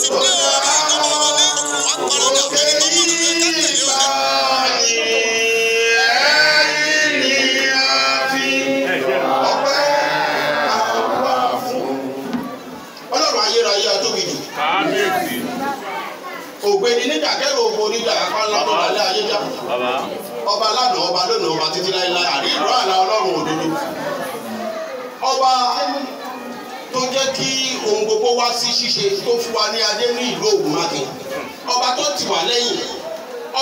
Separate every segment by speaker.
Speaker 1: ti dé o àgbàdo wọlé wọn parọ́dà ẹni tó mọ̀nà bẹ́ẹ̀ ká tẹ̀lé o dẹ. ògbéni nígbà kẹrù ògbó nígbà apá ńlá tó wà lé ayé jà ọba lánàá ọba lónìí ọba títí láéláé àrí ìlú àlà ọlọ́run òdodo ọba tó jẹ́ kí wá sí ṣíṣe tó fún wa ní adé ní ìlú Ògùnmákin ọba tó ti wà lẹ́yìn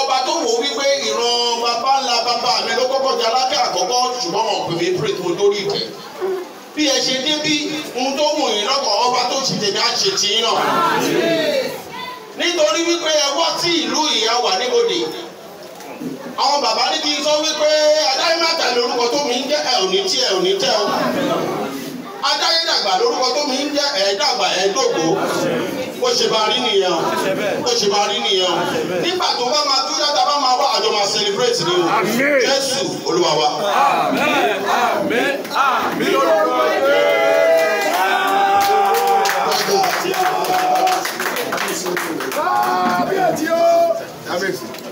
Speaker 1: ọba tó wò wípé ìran bàbá ńlá bàbá mi ló kọ́kọ́ di alága àkọ́kọ́ ṣùgbọ́n wọn pè mí pray mo lórí ìtẹ́ bí ẹ ṣe débí ohun tó wù yín lọ́kàn ọba tó ṣe tèmi á ṣe tì í náà nítorí wípé ẹ wá sí ìlú ìyá wà níbodè àwọn bàbá ní kí n sọ wípé adáyémàtà lórúkọ tó mi ń jẹ́ ẹ̀ òní tí ẹ̀ òní tẹ́ ọ àgbà lórúkọ tó mi ń jẹ́ ẹ̀ẹ́dàgbà ẹ̀ẹ́dógó bó ṣe bá rí nìyẹn bó ṣe bá rí nìyẹn nígbà tó bá máa dúró tá bá máa wá àjọ máa celebrate ni o Jésù Olúwa wa.